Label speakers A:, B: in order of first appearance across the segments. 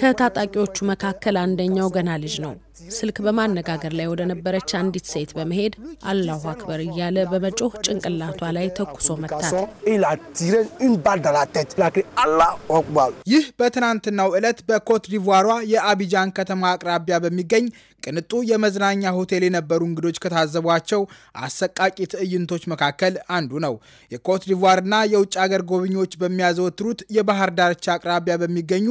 A: ከታጣቂዎቹ መካከል አንደኛው ገና ልጅ ነው። ስልክ በማነጋገር ላይ ወደ ነበረች አንዲት ሴት በመሄድ አላሁ አክበር እያለ በመጮህ ጭንቅላቷ ላይ ተኩሶ መታት።
B: ይህ በትናንትናው ዕለት በኮት ዲቯሯ የአቢጃን ከተማ አቅራቢያ በሚገኝ ቅንጡ የመዝናኛ ሆቴል የነበሩ እንግዶች ከታዘቧቸው አሰቃቂ ትዕይንቶች መካከል አንዱ ነው። የኮት ዲቯርና የውጭ አገር ጎብኚዎች በሚያዘወትሩት የባህር ዳርቻ አቅራቢያ በሚገኙ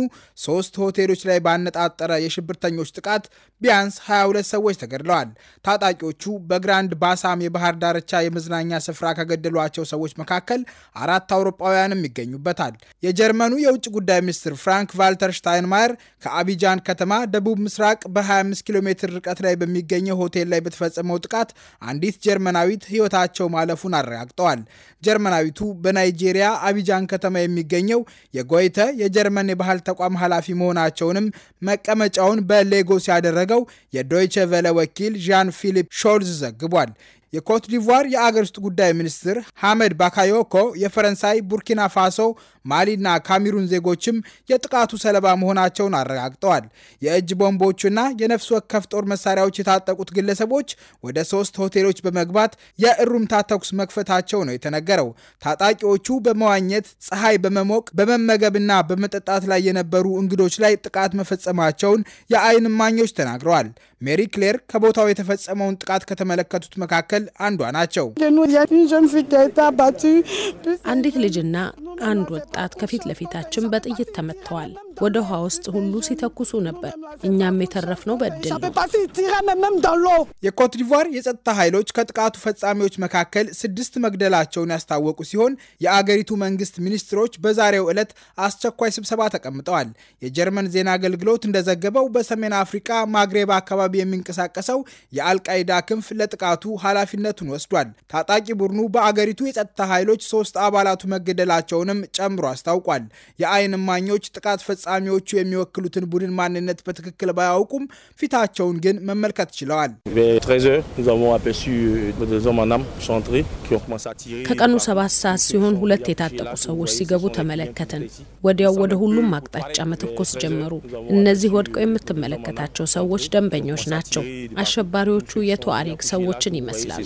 B: ሶስት ሆቴሎች ላይ ባነጣጠረ የሽብርተኞች ጥቃት ቢያ ቢያንስ 22 ሰዎች ተገድለዋል። ታጣቂዎቹ በግራንድ ባሳም የባህር ዳርቻ የመዝናኛ ስፍራ ከገደሏቸው ሰዎች መካከል አራት አውሮጳውያንም ይገኙበታል። የጀርመኑ የውጭ ጉዳይ ሚኒስትር ፍራንክ ቫልተር ሽታይንማየር ከአቢጃን ከተማ ደቡብ ምስራቅ በ25 ኪሎ ሜትር ርቀት ላይ በሚገኘው ሆቴል ላይ በተፈጸመው ጥቃት አንዲት ጀርመናዊት ሕይወታቸው ማለፉን አረጋግጠዋል። ጀርመናዊቱ በናይጄሪያ አቢጃን ከተማ የሚገኘው የጎይተ የጀርመን የባህል ተቋም ኃላፊ መሆናቸውንም መቀመጫውን በሌጎስ ያደረገው የዶይቸ ቬለ ወኪል ዣን ፊሊፕ ሾልዝ ዘግቧል። የኮት ዲቯር የአገር ውስጥ ጉዳይ ሚኒስትር ሐመድ ባካዮኮ የፈረንሳይ፣ ቡርኪና ፋሶ፣ ማሊና ካሜሩን ዜጎችም የጥቃቱ ሰለባ መሆናቸውን አረጋግጠዋል። የእጅ ቦምቦቹና የነፍስ ወከፍ ጦር መሳሪያዎች የታጠቁት ግለሰቦች ወደ ሶስት ሆቴሎች በመግባት የእሩምታ ተኩስ መክፈታቸው ነው የተነገረው። ታጣቂዎቹ በመዋኘት ፀሐይ በመሞቅ በመመገብና በመጠጣት ላይ የነበሩ እንግዶች ላይ ጥቃት መፈጸማቸውን የአይን እማኞች ተናግረዋል። ሜሪ ክሌር ከቦታው የተፈጸመውን ጥቃት ከተመለከቱት መካከል አንዷ ናቸው።
A: አንዲት ልጅና አንድ ወጣት ከፊት ለፊታችን በጥይት ተመትተዋል። ወደ ውሃ ውስጥ ሁሉ ሲተኩሱ ነበር። እኛም የተረፍነው በእድል
B: ነው። የኮትዲቫር የጸጥታ ኃይሎች ከጥቃቱ ፈጻሚዎች መካከል ስድስት መግደላቸውን ያስታወቁ ሲሆን የአገሪቱ መንግስት ሚኒስትሮች በዛሬው ዕለት አስቸኳይ ስብሰባ ተቀምጠዋል። የጀርመን ዜና አገልግሎት እንደዘገበው በሰሜን አፍሪካ ማግሬብ አካባቢ አካባቢ የሚንቀሳቀሰው የአልቃይዳ ክንፍ ለጥቃቱ ኃላፊነቱን ወስዷል። ታጣቂ ቡድኑ በአገሪቱ የጸጥታ ኃይሎች ሶስት አባላቱ መገደላቸውንም ጨምሮ አስታውቋል። የአይን እማኞች ጥቃት ፈጻሚዎቹ የሚወክሉትን ቡድን ማንነት በትክክል ባያውቁም ፊታቸውን ግን መመልከት ችለዋል። ከቀኑ
A: ሰባት ሰዓት ሲሆን ሁለት የታጠቁ ሰዎች ሲገቡ ተመለከትን። ወዲያው ወደ ሁሉም አቅጣጫ መተኮስ ጀመሩ። እነዚህ ወድቀው የምትመለከታቸው ሰዎች ደንበኞች ናቸው። አሸባሪዎቹ የቱአሬግ ሰዎችን ይመስላሉ።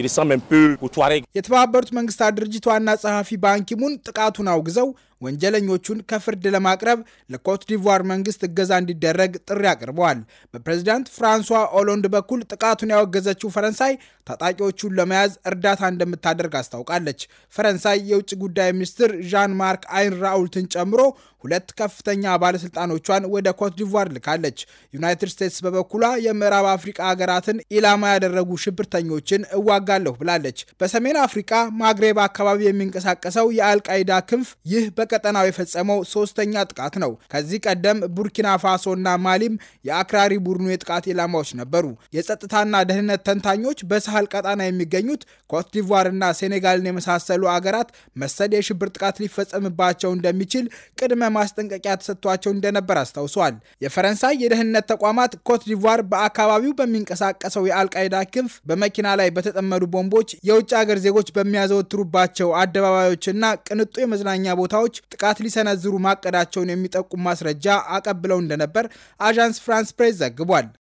B: የተባበሩት መንግስታት ድርጅት ዋና ጸሐፊ ባንኪሙን ጥቃቱን አውግዘው ወንጀለኞቹን ከፍርድ ለማቅረብ ለኮት ዲቯር መንግስት እገዛ እንዲደረግ ጥሪ አቅርበዋል። በፕሬዚዳንት ፍራንሷ ኦሎንድ በኩል ጥቃቱን ያወገዘችው ፈረንሳይ ታጣቂዎቹን ለመያዝ እርዳታ እንደምታደርግ አስታውቃለች። ፈረንሳይ የውጭ ጉዳይ ሚኒስትር ዣን ማርክ አይን ራኡልትን ጨምሮ ሁለት ከፍተኛ ባለስልጣኖቿን ወደ ኮት ዲቯር ልካለች። ዩናይትድ ስቴትስ በበኩሏ የምዕራብ አፍሪቃ ሀገራትን ኢላማ ያደረጉ ሽብርተኞችን እዋ። እዋጋለሁ ብላለች። በሰሜን አፍሪካ ማግሬብ አካባቢ የሚንቀሳቀሰው የአልቃይዳ ክንፍ ይህ በቀጠናው የፈጸመው ሶስተኛ ጥቃት ነው። ከዚህ ቀደም ቡርኪና ፋሶ እና ማሊም የአክራሪ ቡድኑ የጥቃት ኢላማዎች ነበሩ። የጸጥታና ደህንነት ተንታኞች በሳህል ቀጣና የሚገኙት እና ሴኔጋልን የመሳሰሉ አገራት መሰል የሽብር ጥቃት ሊፈጸምባቸው እንደሚችል ቅድመ ማስጠንቀቂያ ተሰጥቷቸው እንደነበር አስታውሰዋል። የፈረንሳይ የደህንነት ተቋማት ኮትዲቫር በአካባቢው በሚንቀሳቀሰው የአልቃይዳ ክንፍ በመኪና ላይ በተጠመ የተለመዱ ቦምቦች የውጭ ሀገር ዜጎች በሚያዘወትሩባቸው አደባባዮችና ቅንጡ የመዝናኛ ቦታዎች ጥቃት ሊሰነዝሩ ማቀዳቸውን የሚጠቁም ማስረጃ አቀብለው እንደነበር አዣንስ ፍራንስ ፕሬስ ዘግቧል።